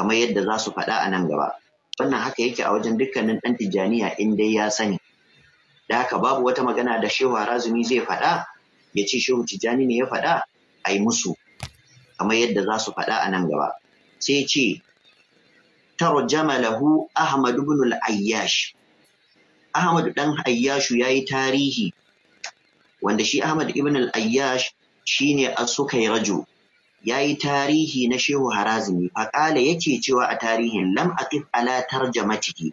kamar yadda za su faɗa a nan gaba wannan haka yake a wajen dukkanin ɗan tijjaniya in dai ya sani da haka babu wata magana da shehu harazumi zai faɗa ya ce shehu tijjani ne ya faɗa Ai musu kamar yadda za su faɗa a nan gaba sai ce tarjama lahu ahmad ibn al-ayyash ahmad dan ayyashu yayi tarihi wanda shi ahmad ibn al-ayyash shine as rajo ya yi tarihi na Shehu Harazimi faƙala yake cewa a tarihin lam aqif ala tarjamatihi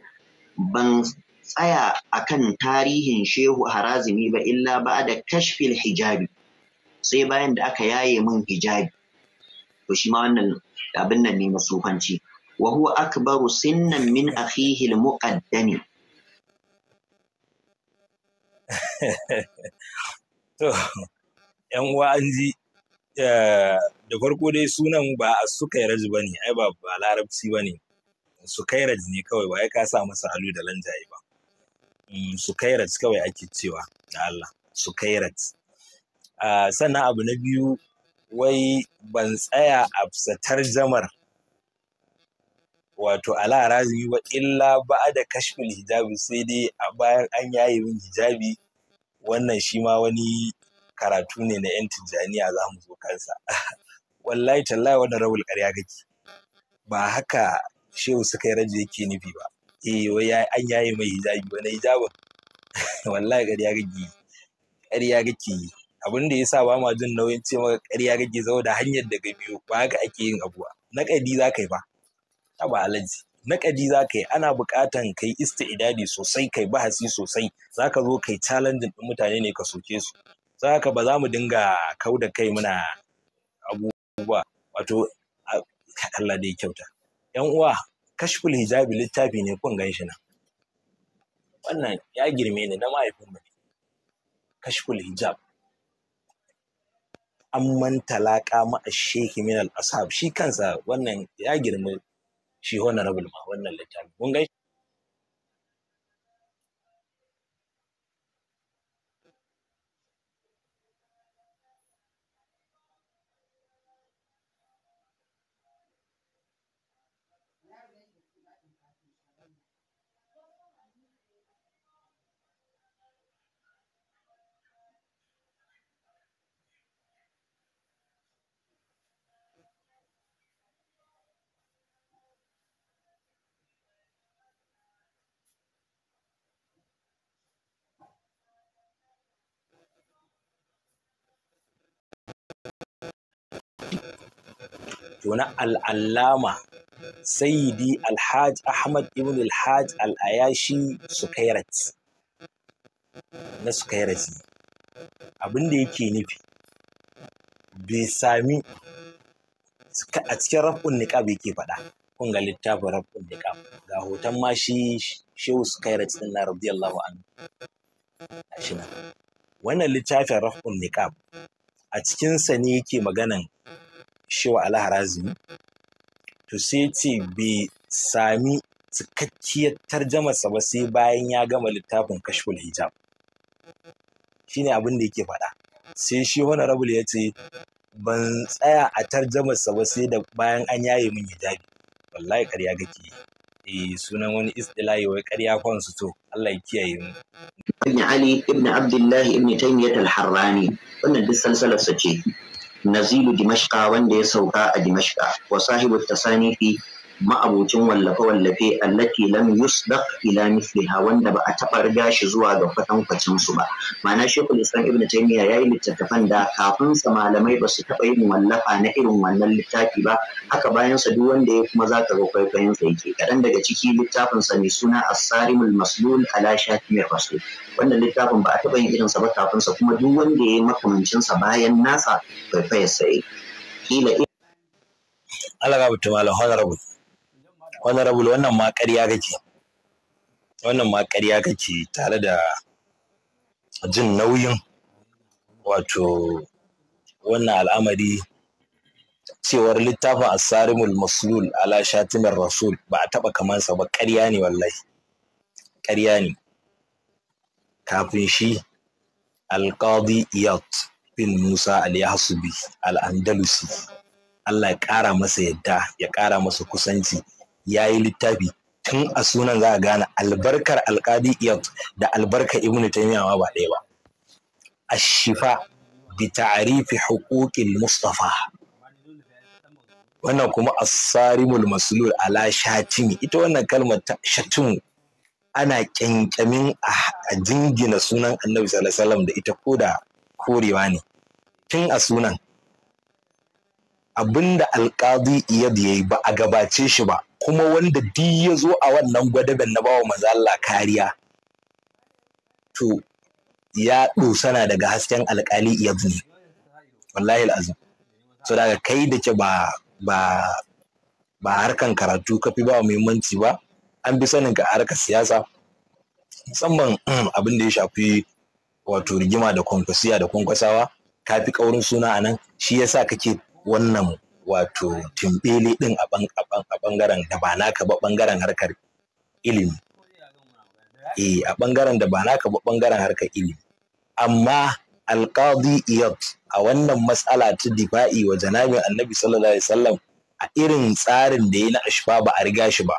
ban tsaya akan tarihin Shehu Harazimi ba illa ba da kashfil hijabi sai bayan da aka yaye min hijabi to shi ma wannan abin nan ne masufanci wa huwa akbaru sinnan min akhihi al-muqaddami to yan uwa an ji eh, da farko dai sunan ba a sukairaj ba ne ai ba larabci ba ne sukairaj ne kawai ba ya ka sa masa alu da lanjaye ba mm, sukairaj kawai ake cewa da Allah sukairaj ah, sannan abu na biyu wai ban tsaya a satar jamar wato ala yi ba illa ba da kashfin hijabi sai dai a bayan an yaye min hijabi wannan shi ma wani karatu ne na 'yan tijjaniya za mu zo kansa wallahi tallahi wannan rawul ƙarya gaki. ba haka shehu suka yi raji yake nufi ba eh wai an yaye mai hijabi wani hijabin wallahi ƙarya gaki, ƙarya gaki. abin da yasa ba ma jin nauyin ce maka ƙarya kake saboda hanyar da ga biyo ba haka ake yin abuwa ƙadi za ka yi ba ta ba alaji ƙadi za ka yi ana buƙatan kai idadi sosai kai bahasi sosai za ka zo kai challenging ɗin mutane ne ka soke su za ka ba za mu dinga kau da kai muna abu abubuwa wato Allah dai kyauta yan uwa kashful hijabi littafi ne kun gan shi wannan ya girme ni na mahaifin mu kashful hijab amman talaka ma asheki min al ashab shi kansa wannan ya girme shi honorable ma wannan littafi kun gan to na al'allama sayyidi alhaj ahmad ibn alhaj al'ayashi sukairat na sukairati Abinda yake nufi bai sami a cikin rafin bai ke faɗa kun ga littafin rafin niqab ga hoton ma shi shehu sukairati din na radiyallahu anhu shi nan wannan littafin rafin niqab a cikinsa ne yake maganan shewa alharazimi to sai ce bai sami cikakkiyar tarjamarsa ba sai bayan ya gama littafin kashful hijab shine abin da yake faɗa sai shi wani rabul ya ce ban tsaya a tarjamarsa ba sai da bayan an yaye min hijabi wallahi ƙarya kake eh sunan wani istilahi wai ƙarya kwan su to Allah ya kiyaye mu ibn ali ibn abdullahi ibn taymiyyah al-harrani wannan duk salsalarsa ce nazilu dimashqa wanda ya sauka a dimashqa wa sahibu tasanifi ma'abocin wallafe-wallafe allati lam yusdaq ila misliha wanda ba a taɓa riga shi zuwa ga kwatankwacin su ba ma'ana shekul islam ibn taymiya yayi littattafan da kafin sa malamai ba su taɓa yin wallafa na irin wannan littafi ba haka bayan sa duk wanda ya kuma zaka ga kwaikwayon sa yake kadan daga ciki littafin sa mai suna as-sarimul maslul ala mai rasul wannan littafin ba a taɓa yin irin sa ba kafin sa kuma duk wanda ya yi makamancin sa bayan nasa kwaikwayon sa yake kila Allah ga mutum Allah honorable honorable wannan ma ƙarya kake wannan ma ƙarya kake tare da jin nauyin wato wannan al'amari cewar littafin asarimul maslul ala shatimar rasul ba a taɓa kamansa ba ƙarya ne wallahi ƙarya ne kafin shi alƙadi iyat bin musa al-yahsubi al-andalusi allah ya ƙara masa yadda ya ƙara masa kusanci ya yi littafi tun a sunan za a gane albarkar alkadi iyat da albarkar ibn taymiya ma ba ɗaya ba ashifa bi ta'rifi huquqil mustafa wannan kuma as-sarimul maslul ala shatimi ita wannan kalmar ta shatimu ana kyankyamin a jingina sunan annabi sallallahu da ita ko da korewa ne tun a sunan abinda da iyad yayi ba a gabace shi ba kuma wanda duk ya zo a wannan gwadaben na bawa manzo Allah kariya to ya dosana daga hasken alkali ya zuni wallahi alazim so daga kai da ke ba ba harkan karatu ka fi ba muhimmanci ba an bi sanin ka harkar siyasa musamman abin da ya shafi wato rigima da kwankwasiya da kwankwasawa ka fi kaurin suna a nan shi yasa kake wannan wato timbili din a bangaren da ba naka ba bangaren harkar ilimi eh a bangaren da ba naka ba bangaren harkar ilimi amma alqadi iyad a wannan matsala ta difa'i wa janabin annabi sallallahu alaihi wasallam a irin tsarin da ya na ashba ba a riga shi ba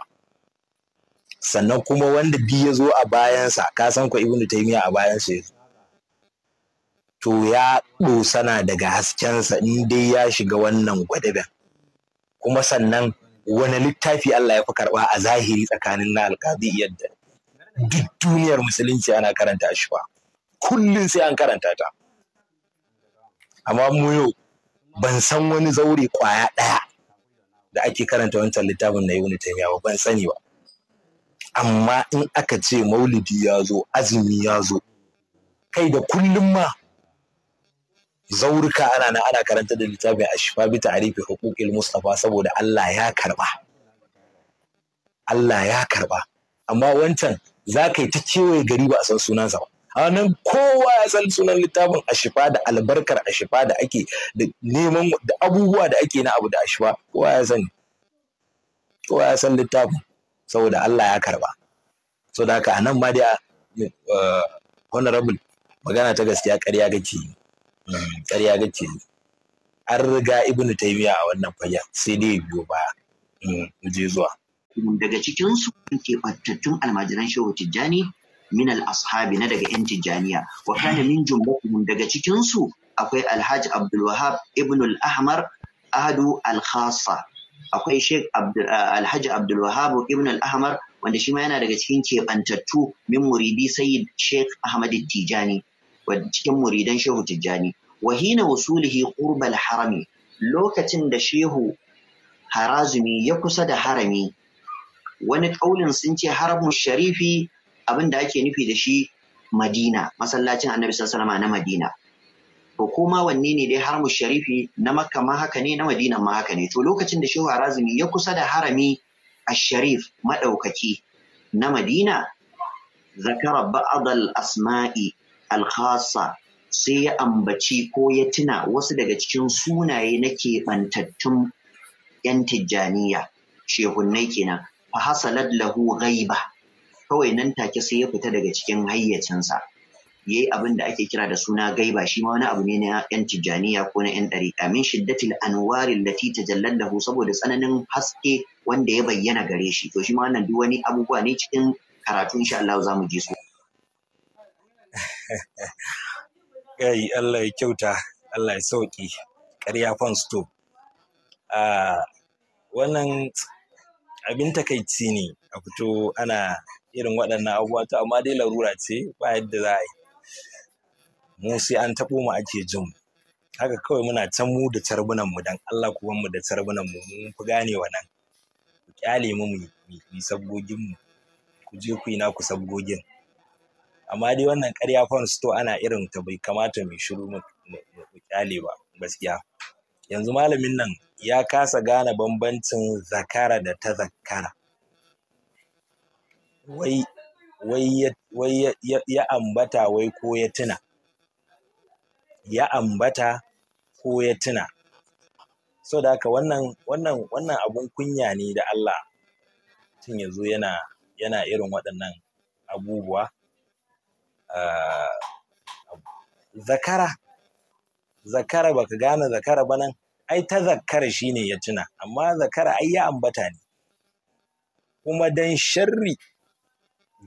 sannan kuma wanda biyu ya zo a bayansa ka san ko ibnu taymiya a bayansa ya zo to ya sana daga haskensa in dai ya shiga wannan gwadaben kuma sannan wani littafi Allah ya fi karɓa a zahiri tsakanin na yadda duk duniyar musulunci ana karanta shi ba kullum sai an karanta ta amma mu yau ban san wani zaure kwaya ɗaya da ake karanta wancan littafin na Ibn ta ba ban sani ba amma in aka ce maulidi ya zo azumi ya zo kai da kullum ma zaurika ana nan ana karanta da littafin ashfa bi ta'rifi huquqil mustafa saboda Allah ya karba Allah ya karba amma wancan za ta cewa gari ba a san sunansa ba a nan kowa ya san sunan littafin ashifa da albarkar ashifa da ake da neman da abubuwa da ake na abu da ashifa kowa ya san kowa ya san littafin saboda Allah ya karba saboda haka anan ma dai a eh, honorable magana ta gaskiya ƙarya gaci ga gace an riga ibnu taymiya a wannan fagen sai dai biyo baya mm, je zuwa daga cikin su ke battattun almajiran shehu tijjani min al-ashabi na daga yan tijjaniya wa kana min jumlatihim daga cikin su akwai alhaji abdul wahab ibn al-ahmar ahadu al-khassa akwai sheikh alhaji abdul wahab ibn al-ahmar wanda shi ma yana daga cikin keɓantattu min muridi sayyid sheik ahmad Tijjani. cikin muridan shehu tijjani wahina wasulihi qurbal harami lokacin da shehu harazumi ya kusa da harami wani kaulin sun ce haramun sharifi abin da ake nufi da shi madina masallacin annabi sallallahu na madina to kuma wanne ne dai haramun sharifi na makka ma haka ne na madina ma haka ne to lokacin da shehu harazumi ya kusa da harami asharif madaukaki na madina zakara ba'd asma'i alkhasa sai ya ambaci ko ya tuna wasu daga cikin sunaye na keɓantattun 'yan tijjaniya shehunnai kenan fa hasalat lahu ghaiba kawai nan take sai ya fita daga cikin hayyacinsa yayi abin da ake kira da suna gaiba shi ma wani abu ne na 'yan tijjaniya ko na 'yan ɗariƙa min shiddatil Anwari, lati tajallan lahu saboda tsananin haske wanda ya bayyana gare shi to shi ma wannan duk wani abubuwa ne cikin karatu insha Allah za mu ji su kai Allah ya kyauta Allah ya sauki ƙarya fan sto a wannan abin takaici ne a fito ana irin waɗannan abubuwa to amma dai larura ce ba yadda za a yi mu sai an taɓo mu ake jin haka kawai muna can mu da carbunan mu dan Allah kuma mu da carbunan mu mun fi gane nan. ku kyale mu mu sabgogin mu ku je ku yi ku sabgogin amma dai wannan karya fan to ana irin ta bai kamata mu shiru mu kyale ba gaskiya yanzu malamin nan ya kasa gane bambancin zakara da ta zakara wai wai wai ya ambata wai ko ya tuna ya ambata ko ya tuna so da haka wannan wannan wannan abun kunya ne da Allah tun ya yana yana irin waɗannan abubuwa Eh, zakara zakara baka gane zakara ba nan ai ta zakara shine ya tuna amma zakara ai ya ambata ne kuma dan sharri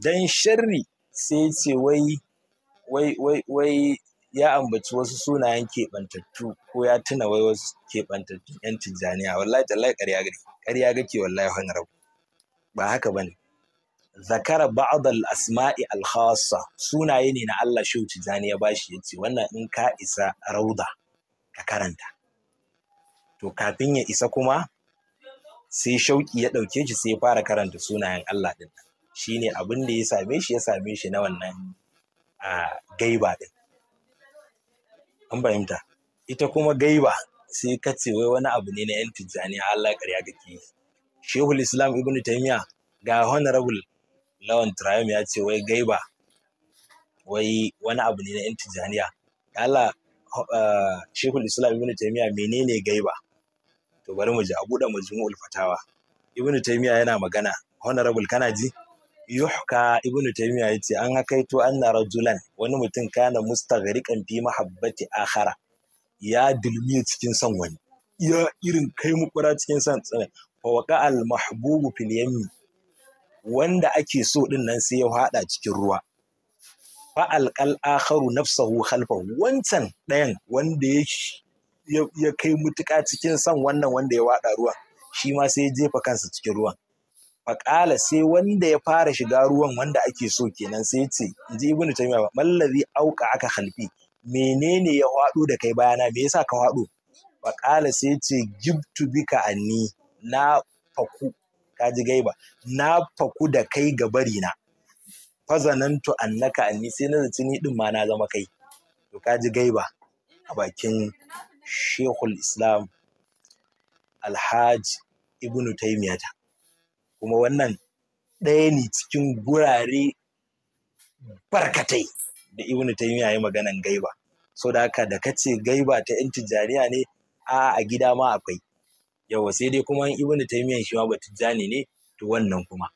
dan sharri sai ce wai wai wai wai ya ambaci wasu sunayen keɓantattu ko ya tuna wai wasu keɓantattun yan tijjaniya wallahi tallahi ƙarya gari ƙarya gake wallahi honorable ba haka bane zakara ba'd al-asma'i al-khassa sunaye ne na Allah Shehu Tijani ya bashi yace wannan in ka isa rauda ka karanta to kafin ya isa kuma sai shauki ya dauke shi sai ya fara karanta sunayen Allah din shine abin da ya same shi ya same shi na wannan gaiba din an fahimta ita kuma gaiba sai ka ce wai wani abu ne na yan Tijjani Allah ƙarya kake Shehul Islam Ibn Taymiyyah ga honorable lawan trium ya ce wai gaiba wai wani abu ne na yan tijaniya Allah eh, shekul islam ibn taymiya menene gaiba to bari mu ji a buɗe majmu'ul fatawa ibn taymiya yana magana honorable kana ji yuhka ibnu taymiya yace an hakaito anna rajulan wani mutum kana mustaghriqan fi mahabbati akhara ya dulmi cikin son wani ya irin kai mukura cikin san tsane eh, fa waqa al mahbubu fil yami wanda ake so din nan sai ya haɗa cikin ruwa fa'al alqal akharu nafsahu halfa wancan ɗayan wanda ya kai mutuƙa cikin son wannan wanda ya waɗa ruwan shi ma sai ya jefa kansa cikin ruwan faƙala sai wanda ya fara shiga ruwan wanda ake so kenan sai ce in ji ibnu ba. Mallari auka aka halfi menene ya haɗo da kai bayana me yasa ka haɗo faƙala sai ce gibtu bika anni na faku ka ji gaiba na faku da kai ga bari na fazanantu annaka anni sai na zaci ni din ma na zama kai to ka ji gaiba a bakin shekul islam alhaji ibnu taimiyata kuma wannan ɗaya ne cikin gurare barkatai da ibnu taimiya ya maganan gaiba so da haka da kace gaiba ta yan tijariya ne a a gida ma akwai yawa sai dai kuma in ibnu taymiyyah shi ma jani ne to wannan kuma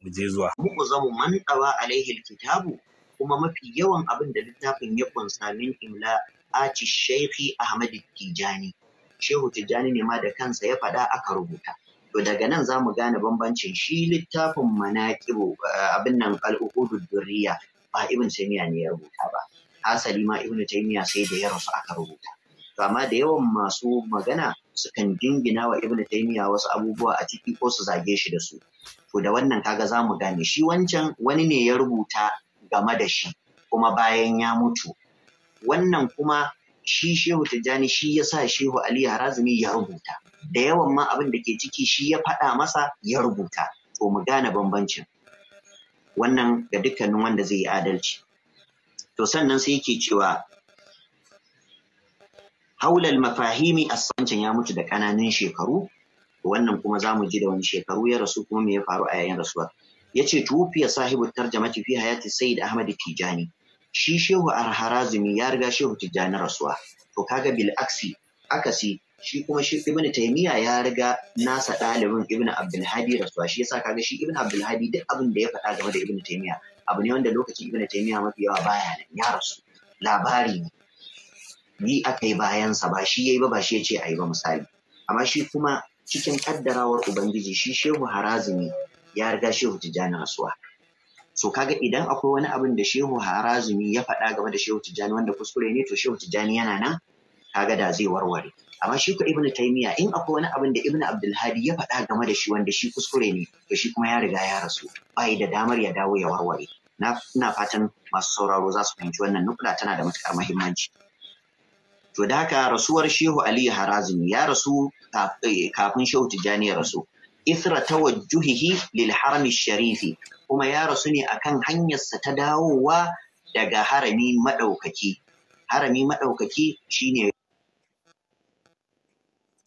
mu je zuwa mu zamu man qawa alaihi alkitabu kuma mafi yawan abin da littafin ya kunsa min imla aci shaykhi ahmad tijani shehu tijani ne ma da kansa ya faɗa aka rubuta to daga nan zamu gane bambancin shi littafin manaqibu eh, abin nan al-uqudud durriya ba ibn taymiyyah ne ya rubuta ba asali ma ibn taymiyyah sai da ya rasu aka rubuta to amma da yawan masu magana sukan dingina wa ibn taymiya wasu abubuwa a ciki ko su zage shi da su to da wannan kaga za mu gane shi wancan wani ne ya rubuta game da shi kuma bayan ya mutu wannan kuma shi shehu tijjani shi ya sa shehu ali harazumi ya rubuta da yawan ma abin da ke ciki shi ya faɗa masa ya rubuta to mu gane bambancin wannan ga dukkanin wanda zai yi adalci to sannan sai yake cewa haulal mafahimi a assancin ya mutu da ƙananan shekaru wannan kuma za mu ji da wani shekaru ya rasu kuma me ya faru a yayin rasuwa? ya ce tufiya sahibu tarjamati fi hayati sayyid ahmad tijani shi shehu arharazumi ya riga shehu tijani rasuwa to kaga bil aksi akasi shi kuma shi ibnu taymiya ya riga nasa ɗalibin ibnu abdulhadi rasuwa shi yasa kaga shi ibnu abdulhadi duk abin da ya faɗa game da ibnu taymiya abu ne wanda lokacin ibnu taymiya mafi yawa baya nan ya rasu labari ne yi aka yi bayansa ba shi yayi yi ba ba shi ya ce a yi ba misali amma shi kuma cikin kaddarawar ubangiji shi shehu harazumi ya riga shehu tijjani rasuwa so kaga idan akwai wani abin da shehu harazumi ya faɗa game da shehu tijjani wanda kuskure ne to shehu tijjani yana nan kaga da zai warware amma shi ko ibnu taymiya in akwai wani abin da ibnu abdulhadi ya faɗa game da shi wanda shi kuskure ne to shi kuma ya riga ya rasu bai da damar ya dawo ya warware na fatan masu sauraro za su fahimci wannan nukula tana da matukar muhimmanci to da haka rasuwar shehu aliyu harazin ya rasu eh, kafin shehu tijjani ya rasu isra tawajjuhihi lil harami sharifi kuma ya rasu ne akan hanyarsa ta dawowa daga harami maɗaukaki harami maɗaukaki shine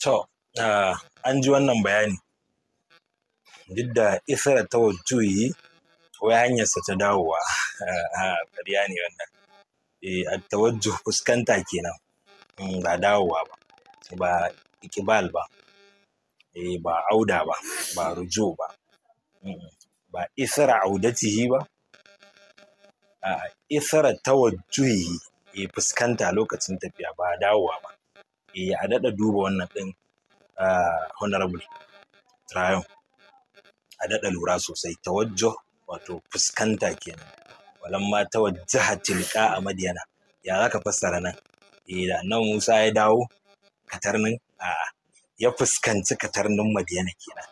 to an ji wannan bayani duk da isra tawajjuhi wai hanyarsa ta dawowa a ƙarya ne wannan eh, a tawajjuh fuskanta kenan ba dawowa ba ba ikibal ba eh ba auda ba ba rujo ba ba isra audatihi ba a isra tawajjuhi e fuskanta lokacin tafiya ba dawowa ba e a daɗa duba wannan ɗin ah, honorable trial a daɗa lura sosai tawajjo wato fuskanta kenan walamma tawajjaha tilqa a madiyana ya zaka fassara nan eh da nan Musa ya dawo katarnin a ya fuskanci katarnin Madiyana kenan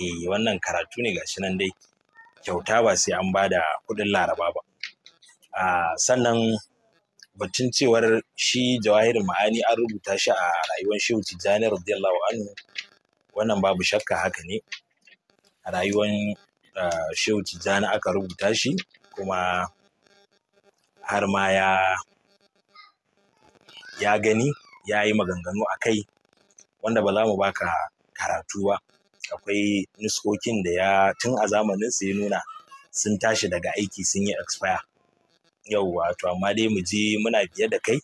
eh wannan karatu ne gashi nan dai kyauta ba sai an bada kuɗin Laraba ba a sannan batun cewar shi jawahir ma'ani an rubuta shi a rayuwar shehu tijjani radiyallahu anhu wannan babu shakka haka ne a rayuwar shehu tijjani aka rubuta shi kuma har ma ya ya gani ya yi maganganu a kai wanda ba za mu baka karatu ba akwai nuskokin da ya tun a zamanin su ya nuna sun tashi daga aiki sun yi expire Yau, wato amma dai mu je muna biye da kai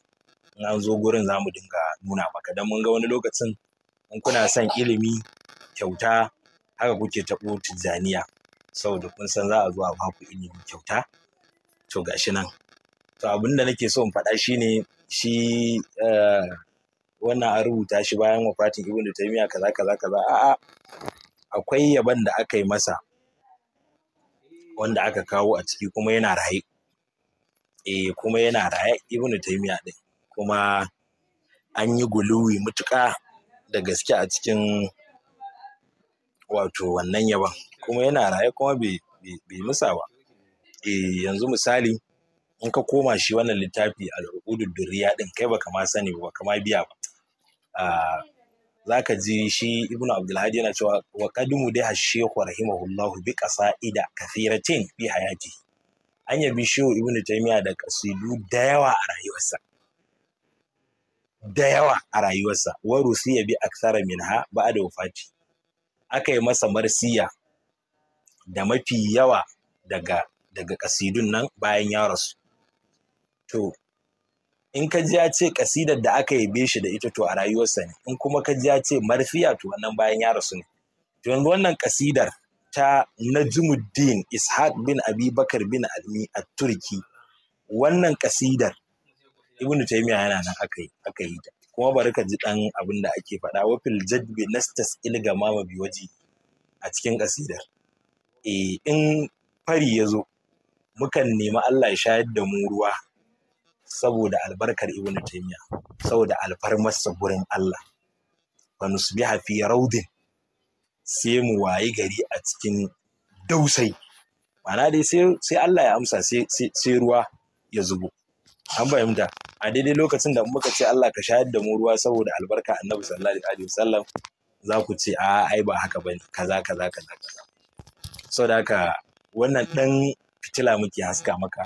in an zo gurin za mu dinga nuna maka don mun ga wani lokacin in kuna son ilimi kyauta haka kuke taɓo tijjaniya saboda kun san za a zo a baku ilimi kyauta to gashi nan to abin da nake so in faɗa shine shi eh, wannan an rubuta shi bayan wafatin ibn taymiya kaza kaza kaza a'a akwai yaban da aka yi masa wanda aka kawo a ciki kuma yana raye eh kuma yana raye ibn taymiya din kuma an yi guluwi mutuka da gaske a cikin wato wannan yaban kuma yana raye kuma bai musa ba eh yanzu misali in ka koma shi wannan littafi al'udud duriya din kai baka ma sani ba kama biya ba ah, Za ka ji shi ibn abdulhadi yana cewa wa qadumu da hashehu rahimahullahu bi qasaida kathiratin fi hayati an yabi shehu ibn taymiya da ƙasidu da yawa a rayuwarsa da yawa a rayuwarsa wa rusiya bi aksara minha da wafati aka yi masa marsiya da mafi yawa daga ƙasidun nan bayan ya rasu to in ka ji ya ce kasidar da aka yabe shi da ita to a rayuwarsa ne in kuma ka ji ya ce marfiya to wannan bayan ya rasu ne to yanzu wannan kasidar ta Najmuddin Ishaq bin Abubakar bin Almi a Turki wannan kasidar Ibn Taymiyyah yana nan aka yi aka kuma bari ka ji dan abin da ake faɗa wa fil jadbi nastas ilga mama bi waji a cikin kasidar eh in fari ya zo mukan nemi Allah ya shayar da mu ruwa saboda albarkar ibnu taymiya saboda alfarmarsa gurin Allah wa nusbiha fi raudin sai mu wayi gari a cikin dausai ma'ana dai sai Allah ya amsa sai ruwa ya zubo an fahimta a daidai lokacin da muka ce Allah ka shayar da mu ruwa saboda albarka annabi sallallahu alaihi wasallam za ku ce a ai ba haka bane kaza kaza kaza kaza saboda haka wannan dan fitila muke haska maka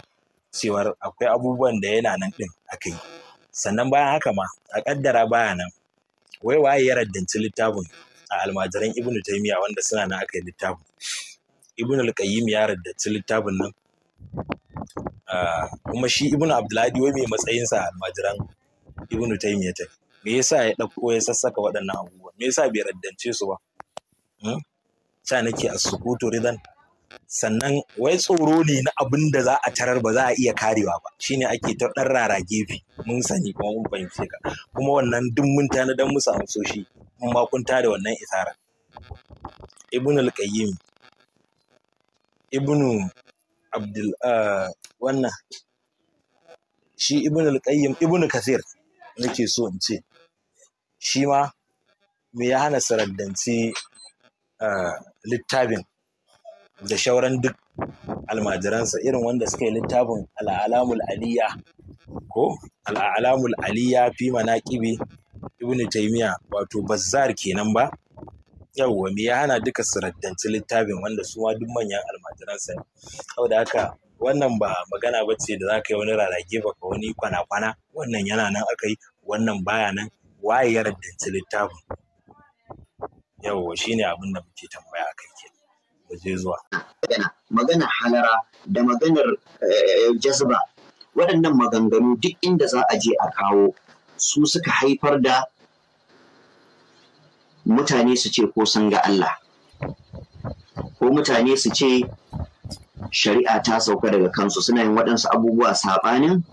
cewar akwai abubuwan da yana nan ɗin aka yi sannan bayan haka ma a ƙaddara baya nan wai waye ya raddanci littafin a almajiran ibnu taimiya wanda suna nan aka yi littafin ibnu alƙayyim ya raddanci littafin nan ah, kuma shi ibnu abdulhadi wai mai matsayinsa a almajiran ibnu taimiya ta me yasa ya ɗauko ya sassaka waɗannan abubuwan me yasa bai raddance su ba ta hmm? nake a sukutu ridan sannan wai tsoro ne na abin da za a tarar ba za a iya karewa ba Shi ne ake ta ɗan rara gefe mun sani kuma mun fahimce ka kuma wannan duk mun tana don musu amsoshi mun makunta kun da wannan isara ibn al-qayyim ibn abdul ah, wannan shi ibn al-qayyim ibn kathir nake so in ce shi ma me ya hana saraddanci ah, littafin da shauran duk almajiransa irin wanda suka yi littafin al'alamul aliyya ko al'alamul aliyya fi manaqibi ibnu taymiya wato bazzar kenan ba yawwa me ya hana duka su littafin wanda su ma duk manyan almajiransa ne da haka wannan ba magana ba ce da za ka yi wani rarage ba ka wani kwana-kwana wannan yana nan aka yi wannan baya nan waye ya raddanci littafin yawwa shine abin da muke tambaya akai kenan Maganar zuwa. Ah, magana halara da maganar eh, jazba waɗannan maganganu duk inda za a je a kawo su suka haifar da mutane su ce ko sun ga Allah ko mutane su ce shari'a ta sauka daga kansu suna yin waɗansu abubuwa saɓanin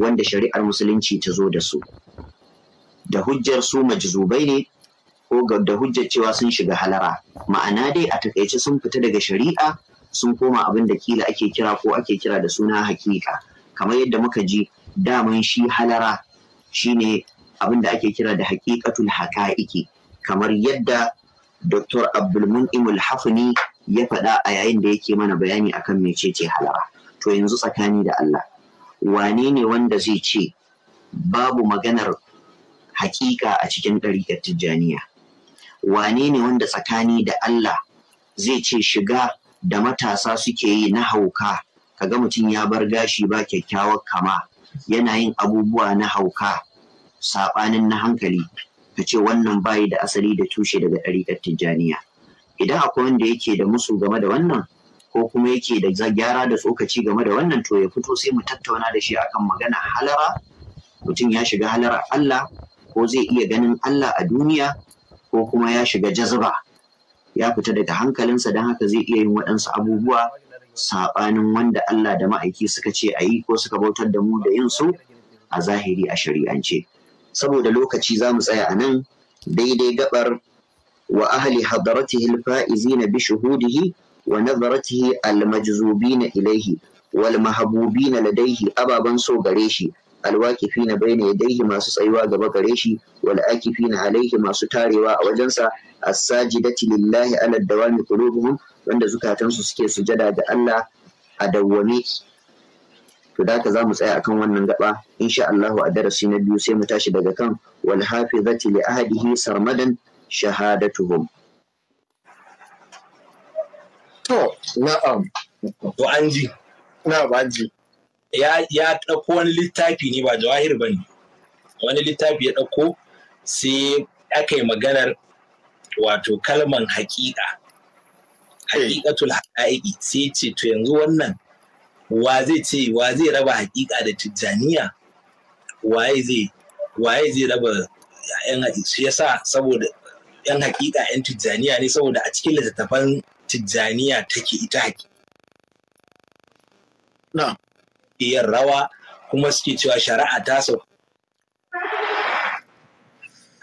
wanda shari'ar musulunci ta zo da su da hujjar su majzubai ne ko da hujjar cewa sun shiga halara ma'ana dai a takaice sun fita daga shari'a sun koma abin da kila ake kira ko ake kira da suna hakika kamar yadda muka ji daman shi halara shine abin da ake kira da hakikatul haka'iki kamar yadda Dr. Abdulmun'imul Hafni ya faɗa a yayin da yake mana bayani akan mecece halara. To yanzu tsakani da Allah, wane ne wanda zai ce babu maganar haƙiƙa a cikin ɗariƙar Tijjaniya? wane ne wanda tsakani da Allah zai ce shiga da matasa suke yi na hauka kaga mutum ya bar gashi ba kyakkyawar kama yana yin abubuwa na hauka saɓanin na hankali ka ce wannan bayi da asali da tushe daga ɗariƙar tijjaniya idan akwai wanda yake da musu game da wannan ko kuma yake da gyara da tsokaci game da wannan to ya fito sai mu tattauna da shi akan magana halara mutum ya shiga halara Allah ko zai iya ganin Allah a duniya ko kuma ya shiga jazaba ya fita daga hankalinsa don haka zai iya yin waɗansu abubuwa saɓanin wanda Allah da ma'aiki suka ce a yi ko suka bautar da mu da yin su a zahiri a shari'ance saboda lokaci za mu tsaya a nan daidai gabar wa ahli hadaratihi alfa'izina bi shuhudihi wa nazaratihi na ilaihi wal na ladaihi ababan so gare shi alwakifi na bai ne daihi masu tsayuwa gaba gare shi wal akifi na alaihi masu tarewa a wajensa as-sajidati lillahi ala dawami qulubuhum wanda zukatansu suke sujada ga Allah a dawwame to da za mu tsaya akan wannan gaba insha Allah a darasi na biyu sai mu tashi daga kan wal hafizati li ahadihi sarmadan shahadatuhum to na'am to anji na'am anji ya ɗauko wani littafi ne ba jawahir ba ne wani littafi ya ɗauko sai aka yi maganar wato kalman haƙiƙa haƙiƙatul haƙa'iƙi sai ce to yanzu wannan wa zai ce wa zai raba haƙiƙa da tijjaniya waye zai raba yan shi yasa saboda yan haƙiƙa yan tijjaniya ne saboda a cikin littattafan tijjaniya take ita haƙiƙa yin rawa kuma suke cewa shari'a ta sauka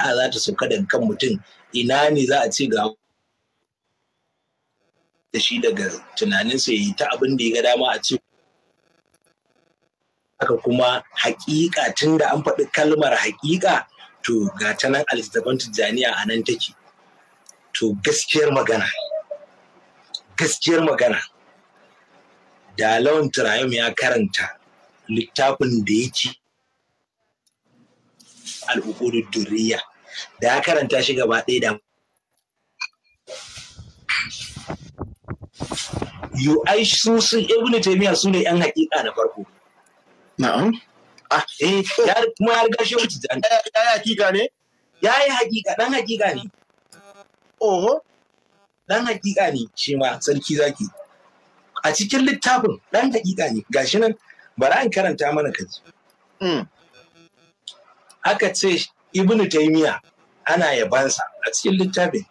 a za ta sauka daga kan mutum ina ne za a ce ga da shi daga tunaninsa ya yi ta abin da ya ga dama a ce haka kuma haƙiƙa tun da an faɗi kalmar haƙiƙa to ga ta nan alistaban tijjaniya a nan take to gaskiyar magana gaskiyar magana da lawan turayim ya karanta littafin da yake al'ukudu duriya da ya karanta shi gaba ɗaya da yu ai su sun ibn taymiya su ne yan hakika na farko na'am ah eh ya kuma ya riga shi wuce da eh, ya yi hakika ne ya yi hakika dan hakika ne oho dan hakika ne shi ma sarki zaki a cikin littafin ɗan haƙiƙa ne gashi nan bara in karanta mana kaji. Hmm. Aka ce Ibn Taymiya ana yabansa a cikin littafin.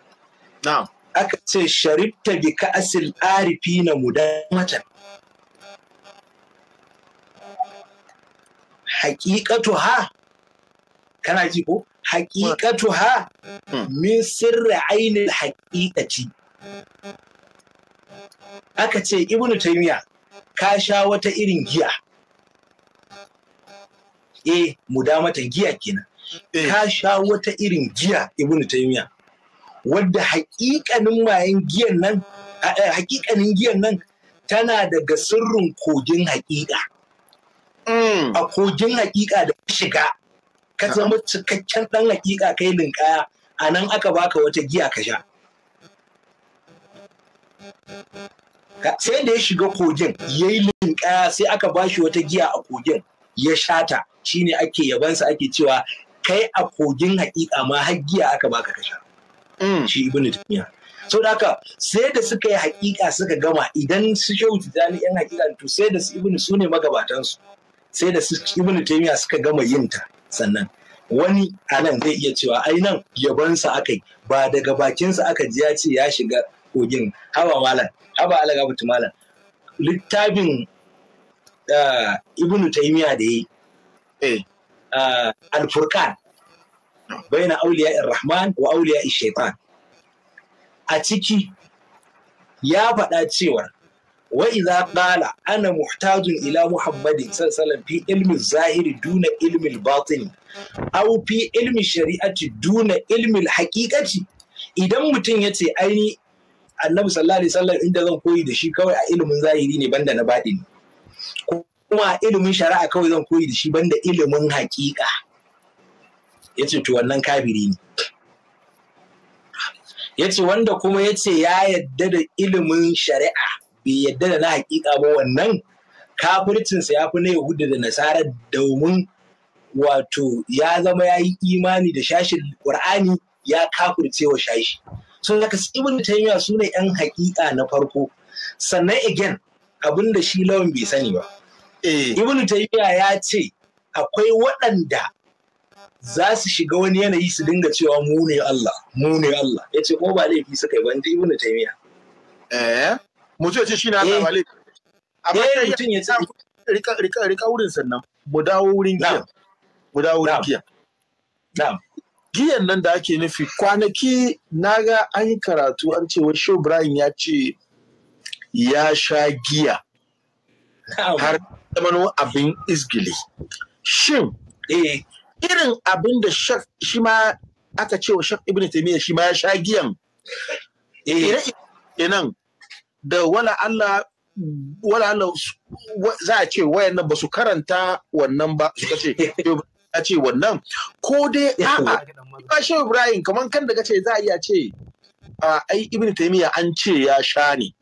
Aka ce ta bi asil arifi na mudamatan. Hakikatu ha, kana ji ko? Hakikatu ha hmm. min sirri ainihin haƙiƙaci. aka ce ibnu taymiya ka sha wata irin giya eh mata giya kenan eh. ka sha wata irin giya ibnu taymiya wadda hakikanin mayan giyan nan eh, hakikanin giyan nan tana daga sirrin kogin hakika mm. a kogin hakika da shiga ka zama cikakken dan hakika kai linkaya a nan aka baka wata giya ka sha sai da ya shiga kogin ya yi linƙaya sai aka ba shi wata giya a kogin ya shata shine ake yabansa ake cewa kai a kogin haƙiƙa ma har giya aka baka ka sha mm. shi ibnu taymiya sau da haka sai da suka yi haƙiƙa suka gama idan su shehu tijani yan haƙiƙa to sai da su ibnu su ne magabatansu sai da su ibnu taymiya suka gama yin ta sannan wani anan zai iya cewa ai nan yabansa aka yi ba daga bakinsa aka ji ya ce ya shiga kogin haba malam haba alaga butu malam littafin eh, ibnu taimiya da yi eh. eh, alfurkan furqan baina auliya rahman wa auliya shaitan a ciki ya faɗa cewar wa idza qala ana muhtajun ila muhammadin sallallahu fi ilmi zahiri duna ilmi batini aw fi ilmi shari'ati duna ilmi haqiqati idan mutum yace ce aini annabi sallallahu alaihi wasallam inda zan koyi da shi kawai a ilimin zahiri ne banda na ne, kuma ilimin shari'a kawai zan koyi da shi banda ilimin haƙiƙa ya ce to wannan kabiri ne ya ce wanda kuma ya ce ya yadda da ilimin shari'a bai yadda da na haƙiƙa ba wannan kafircinsa ya fi na yahuda da nasara domin wato ya zama ya yi imani da shashin ƙur'ani ya kafirce wa shashi sun haka ibn taymiya su ne yan hakika na farko sannan again abin da shi lawan bai sani ba eh. ibn taymiya ya ce akwai waɗanda za su shiga wani yanayi su dinga cewa mu ne Allah mu ne Allah ya ce ko ba laifi suka yi ban ji ibn taymiya eh mu ce shi na Allah ba laifi eh. amma eh, mutun ya ce rika rika rika wurin sannan mu dawo wurin giya mu dawo wurin giya na'am giyan nan da ake nufi kwanaki na ga an karatu an ce wasu Brian ya ce ya sha giya har zamanin abin izgili shin eh. irin abin da shi ma aka ce wa shak ibn taimiyya shi ma ya sha giyan eh. nan da wala Allah wala Allah za a ce wayannan ba su karanta wannan ba suka ce ya ce wannan ko dai a'a ba shi Ibrahim kamar kan daga ce za a iya ce ai Ibn Taymiyyah an ce ya sha ne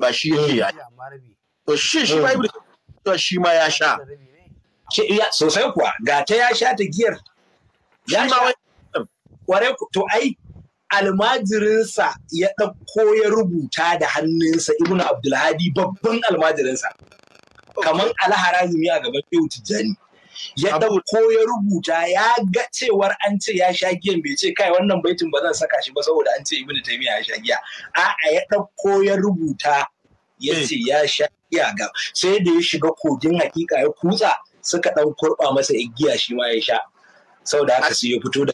ba shi ya ce ya eh, to shi shi ba Ibn Taymiyyah shi ma ya sha sosai kuwa ga ta ya sha ta giyar ya sha kwarai to ai almajirinsa ya ɗauko ya rubuta da hannunsa ibnu abdulhadi babban almajirinsa kamar alharazumi a gaban yau tijjani ya dauko ya rubuta ya ga cewar an ce ya sha giyan bai ce kai wannan baitin ba zan saka shi ba saboda an ce ibn taymiya ya sha giya a'a ya dauko ya rubuta ya eh. ce ya sha giya ga sai da ya shiga kogin hakika ya kutsa suka ɗan kurba masa igiya shi ma ya sha saboda haka sai ya fito da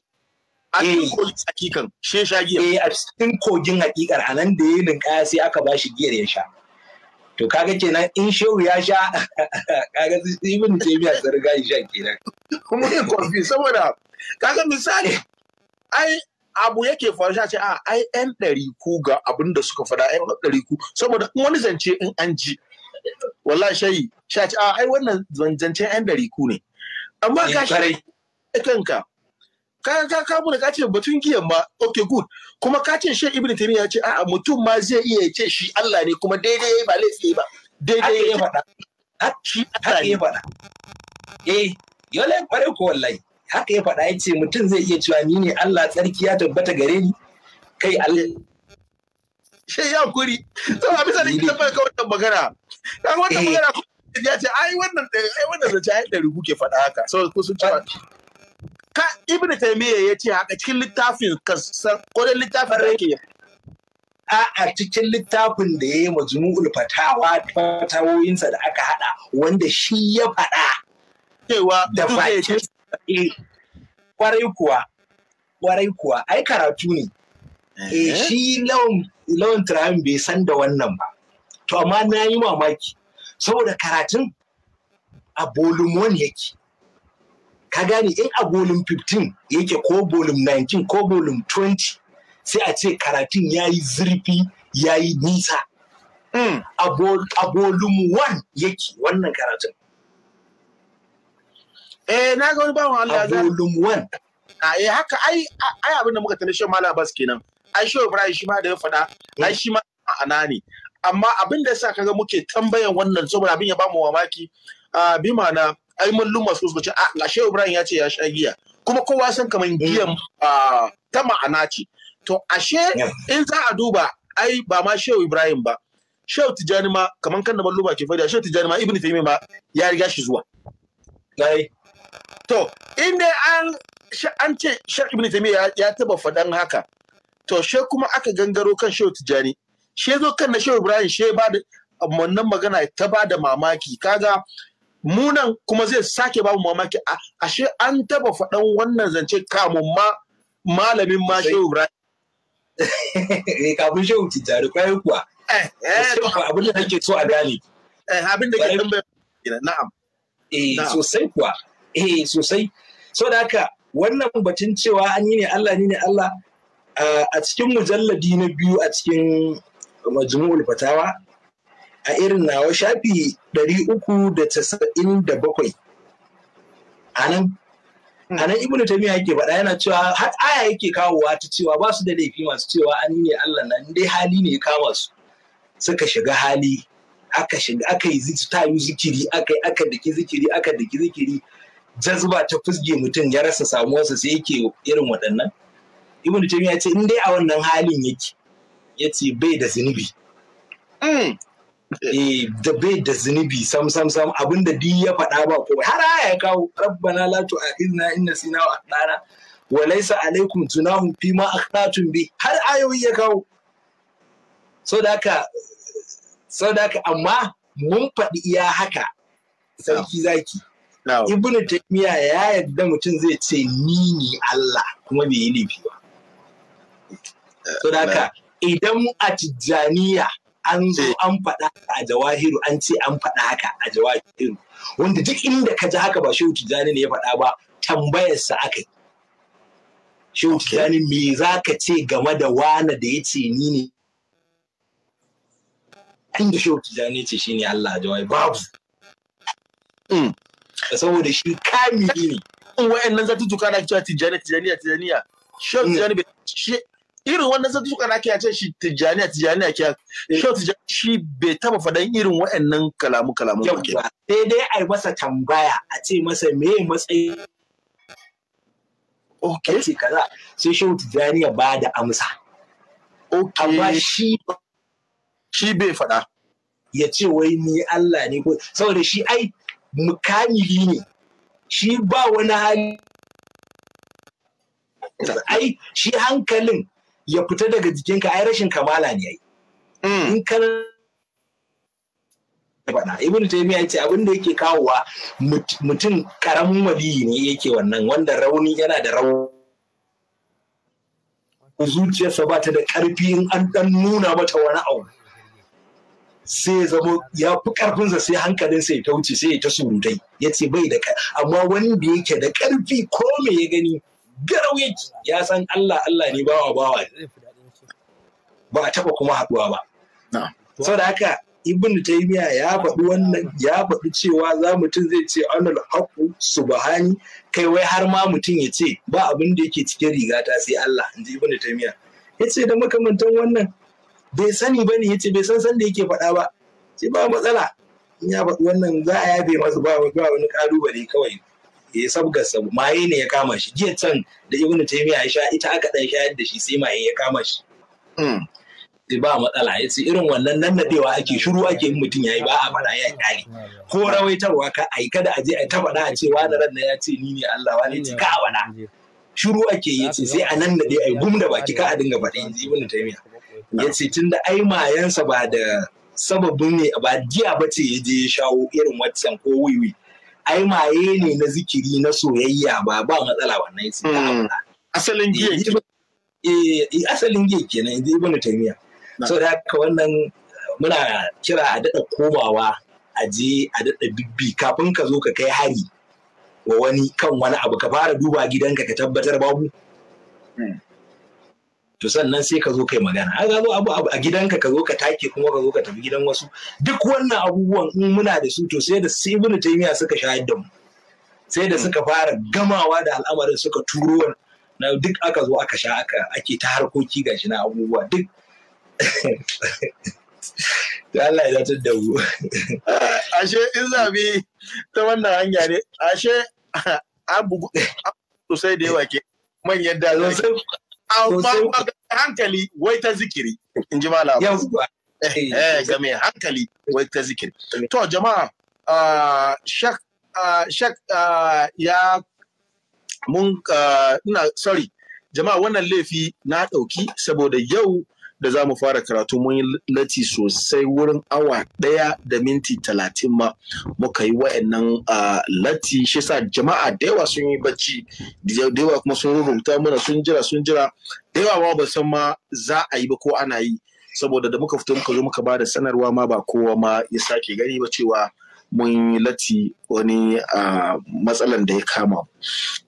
a cikin eh. kogin hakikan shi ya sha giya eh, a cikin kogin hakikar anan da ya ninkaya sai aka bashi giyar ya sha to kaga kenan in shehu ya sha kaga ibn taymiya sun riga ya sha kenan kuma ne kofi saboda kaga misali ai abu yake faru sha ce a ah, ai yan ɗari ku ga abin da suka faɗa yan ɗari ku saboda in wani zance in an ji wallahi shayi sha ce a ah, ai wannan zancen yan ɗari ku ne amma ka eh, shi kanka ka ka ka mun ka ce batun giyan ma okay good kuma ka ce shi ibnu taymiya ya ce a'a mutum ma zai iya ce shi Allah ne kuma daidai yayi ba laifi ba daidai ba faɗa shi Allah ne faɗa eh yole bare ko wallahi haka ya faɗa ya ce mutum zai iya cewa ni ne Allah tsarki ya tabbata gare ni kai Allah she ya kuri to a bisa ne ka wannan magana ka wannan eh. magana ya ce ai wannan ai wannan zance ai da rubu ke faɗa haka so ku sun ci ka ibn taymiya ya ce haka cikin littafin kasar ko littafin rake a a cikin littafin da ya yi majmu'ul fatawa fatawoyinsa da aka hada wanda shi ya faɗa cewa da fakin kwarai kuwa kwarai kuwa ai karatu ne E, shi lawan lawan turayen bai san da wannan ba to amma na yi mamaki saboda karatun a bolumon yake ka gane in a bolin 15 yake ko bolin 19 ko bolin 20 sai a ce karatun ya yi zurfi ya yi nisa hmm. a bolin 1 yake wannan karatun eh na ga wani wa Allah ya bolin 1 ah, eh haka ai ai abin da muka tana shan mala bas kenan ai shi Ibrahim shi ma da ya faɗa ai shi ma ma'ana ne amma abin da sa kaga muke tambayan wannan saboda abin ya bamu mamaki ah, bi ma'ana ai malluma masu su ce a ah, gashe Ibrahim ya ce ya sha giya kuma kowa san kaman giya mm. ah, ta ma'ana ce to ashe in za a duba ai ba ma Shehu Ibrahim ba Shehu Tijani ma kaman kan da malluma ke faida Shehu Tijani ma Ibn Taymiyyah ma ya riga shi zuwa to in dai an an ce Shehu Ibn Taymiyyah ya taba faɗan haka to she kuma aka gangaro kan Shehu Tijani she zo kan na Shehu Ibrahim she ba da wannan magana ta ba da mamaki kaga munan kuma zai sake babu mamaki ashe an taba faɗan wannan zance kamun ma malamin ma shehu ibrahim eh, kafin shehu tijjari kwaye eh, eh, kuwa abin da ke so a gane abin da ke tambaya na'am eh sosai kuwa eh sosai so da haka wannan batun cewa an yi ne Allah ni ne Allah a cikin mujalladi na biyu a cikin majmu'ul fatawa a irin nawa shafi 397 a nan a nan ibnu tamiya yake faɗa yana cewa har aya yake kawowa ta cewa ba su da laifi masu cewa an ne Allah na dai hali ne ya kama su suka shiga hali aka shiga aka yi ta yi zikiri aka yi aka daki zikiri aka daki zikiri jazba ta fusge mutum ya rasa samuwarsa sai yake irin waɗannan ibnu tamiya ce in dai a wannan halin yake yace bai da zunubi mm. Eh, da bai da zunubi sam sam sam abinda duk ya faɗa ba komai har aya ya kawo rabbana la tu'akhidna in nasina wa akhtana wa laysa alaykum junahun fi ma akhtatum bi har ayoyi ya kawo so da haka so da haka amma mun faɗi iya haka sarki zaki ibnu taymiya ya yadda mutum zai ce ni ni Allah kuma bai yi fi ba so da haka idan a tijaniya an zo eh. an faɗa a jawahiru an ce an faɗa haka a jawahiru wanda duk inda ka ji haka ba shehu tijjani ne ya faɗa ba tambayarsa aka yi shehu tijjani me za ka ce game da wana da ya ce ni ne inda shehu tijjani ce shi ne Allah a jawahiru babu hmm. saboda shi kami ne wa'annan tuka na cewa tijjani tijjaniya tijjaniya shehu hmm. tijjani irin wannan sai suka na kiyace shi tijaniya tijaniya kiya shi tijaniya eh. shi bai taba faɗan irin wa'annan kalamu kalamu ba sai dai ai masa tambaya a ce masa me matsayi okay sai kaza sai shi tijaniya ba da amsa okay amma shi shi bai faɗa ya ce wai ni Allah ne ko saboda shi ai mukamili ne shi ba wani hali ai shi hankalin ya fita daga jikinka ai rashin kamala ne ai mm. in kana faɗa ibn taymiya ce abin da yake kawowa mutum karamin waliyi ne yake wannan wanda rauni yana da rauni zuciyarsa ba ta da karfi in an dan nuna mata wani abu sai ya zama ya fi ƙarfinsa sai hankalin sai ta wuce sai ta surutai ya ce bai da amma wanda yake da ƙarfi ko me ya gani garau yake ya san Allah Allah ne bawa bawa ba a taba kuma haɗuwa ba saboda haka ibn taymiya ya faɗi wannan ya faɗi cewa za mutum zai ce anal haqu subhani kai wai har ma mutum ya ce ba abin da yake cikin riga ta sai Allah inji ibn taymiya yace da makamantan wannan bai sani bane yace bai san san da yake faɗa ba sai ba matsala in ya faɗi wannan za a yabe masa ba wani kalubale kawai ya sabga sabu maye ne ya kama shi jiya can da ibn taymiya ya sha ita aka dan shayar da shi sai maye ya kama shi hmm. eh, ba matsala ya ce irin wannan nan nadewa ake shiru ake yin mutum ya yi ba a fara ya kare ko rawaitarwa ka a yi kada a je a ta faɗa a ce wani ran ya ce ni ne Allah wani ce ka wala shiru ake yi ce sai a nan nade yi gum da baki ka a dinga faɗi inji ibn taymiya ya ce tun tunda ai mayansa ba da sababin ne ba jiya ba ce ya je ya shawo irin watsan ko wiwi ai maye ne na zikiri na soyayya ba ba matsala wannan sai hmm. asalin giya eh, eh, eh asalin giya kenan inda ibn taymiya so da haka wannan muna kira a daɗa komawa a je a dada bibbi kafin ka zo ka kai hari wa wani kan wani abu ka fara duba gidanka ka tabbatar babu hmm. to sannan sai ka zo kai magana a zo abu a gidanka ka zo ka take kuma ka zo ka tafi gidan wasu duk wannan abubuwan in muna da su to sai da sai ibnu taymiya suka shahid da mu sai da hmm. suka fara gamawa da al'amarin suka turo na duk aka zo aka sha aka ake ta harkoki gashi na abubuwa duk da Allah ya zartar da mu ashe in zabi ta wannan hanya ne ashe abu sosai da yawa ke manyan da sosai amma hankali wai ta zikiri in ji malam eh, eh, eh. ga mai hankali wai ta zikiri eh. to jama'a shak ah, shak ah, ah, ya mun ina sorry jama'a wannan laifi na ɗauki saboda yau da za mu fara karatu mun yi lati sosai wurin awa ɗaya da minti talatin ma muka yi wa'annan lati shi sa jama'a da yawa sun yi bacci da yawa kuma sun rubuta mana sun jira sun jira da yawa ma ba san ma za a yi ba ko ana yi saboda da muka fito muka zo muka ba da sanarwa ma ba kowa ma ya sake gani ba cewa mun yi lati wani matsalan da ya kama.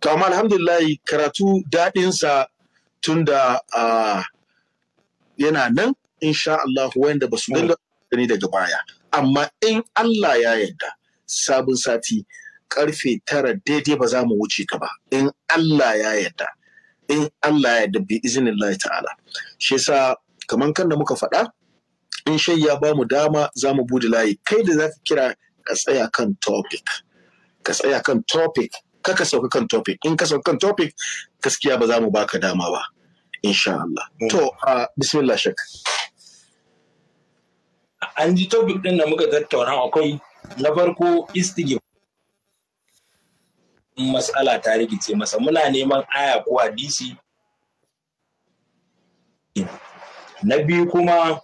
To amma alhamdulillah karatu daɗinsa tun da yana nan insha Allah wanda ba su dinga gani daga baya amma in Allah ya yarda sabon sati karfe tara daidai ba za mu wuce ka ba in Allah ya yarda in Allah ya yarda bi izinin Allah ta'ala shi yasa kamar kan da muka faɗa in shai ya ba mu dama za mu bude layi kai da za ka kira ka tsaya kan topic ka tsaya kan topic ka ka sauka kan topic in ka sauka kan topic gaskiya ba za mu baka dama ba insha Allah mm. to uh, bismillah shek an ji topic ɗin da muka tattauna akwai na farko istigim matsala ta rikice masa muna neman aya ko hadisi na biyu kuma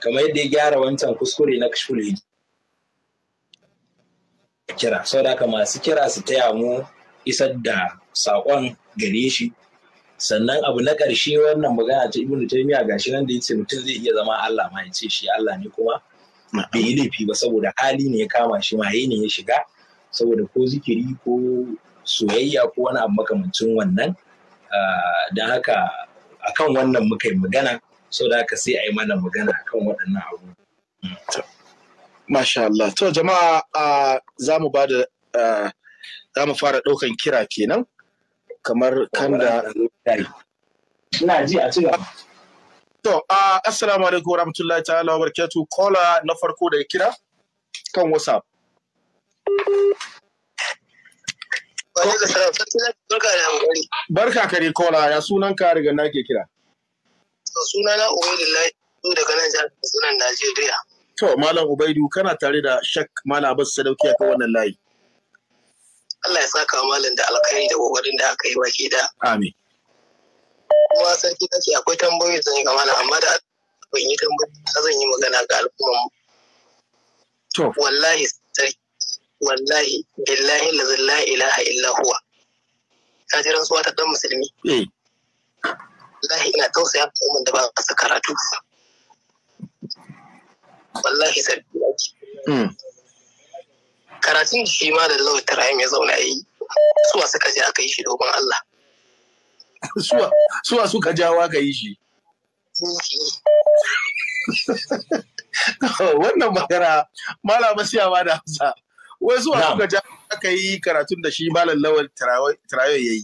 kamar yadda ya gyara wancan kuskure na kashfule kira sau da masu kira su taya mu isar da saƙon gare shi sannan abu na ƙarshe wannan magana ta ibnu taymiya gashi nan da ya yace mutum zai iya zama Allah ma ya ce shi Allah ne kuma bai yi laifi ba saboda hali ne ya kama shi maye ne ya shiga saboda ko zikiri ko soyayya ko wani abu makamancin wannan ah, don haka akan wannan muka yi magana da haka sai a yi mana magana akan waɗannan abu. Hmm. Masha Allah. To jama'a ah, za mu ba da ah, za mu fara ɗaukan kira kenan kamar kan da ji a cigaba to a assalamu alaikum warahmatullahi ta'ala wa barakatuh kola na farko da kira kan whatsapp Barka kare kola ya sunan ka riga na ke kira. Suna na Ubaidu Laidu daga nan jihar sunan Najeriya. To Malam Ubaidu kana tare da Shak Malam Abbas Sadauki akan wannan layi. Allah ya saka malam da alkhairi da kokarin da aka yi baki da. Amin. Kuma sarki ce akwai tambayoyi zan yi ga malam amma da ban yi tambayoyi zan yi magana ga al'umman. To. Wallahi sarki wallahi billahi la ilaha illa huwa. Ka ji rantsuwa ta dan musulmi. Eh. Wallahi ina tausaya mutumin da ba su karatu. Wallahi sarki. Mm. karatun da shi ma da lau tarayim ya zauna yi suwa suka je aka yi shi domin Allah suwa suka wa ka yi shi wannan magana malama siyawa da hamsa wai suwa suka ja aka yi karatun da shi malam lawal tarayo ya yi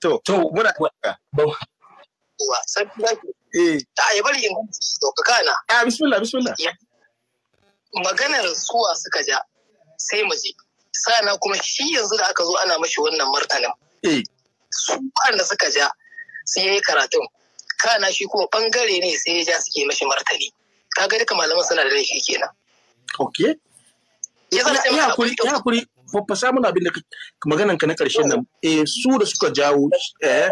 to muna ah, maganar suwa suka ja sai mu je sana kuma shi yanzu da aka zo ana mashi wannan martanin eh. su wanda suka ja sai ya yi karatun kana shi kuma bangare ne sai ya ja suke mashi martani kaga duka malaman suna da laifi kenan ok ya kuri fafasa mana abin da maganan ka na karshen nan eh su da suka jawo eh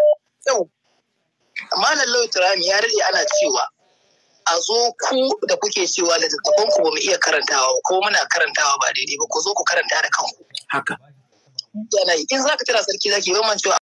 malam lauyi turami ya rage ana cewa a zo ku da kuke cewa littattafan ku ba mu iya karantawa ko muna karantawa ba daidai ba ku zo ku karanta da kanku haka in za ka sarki zaki ban man cewa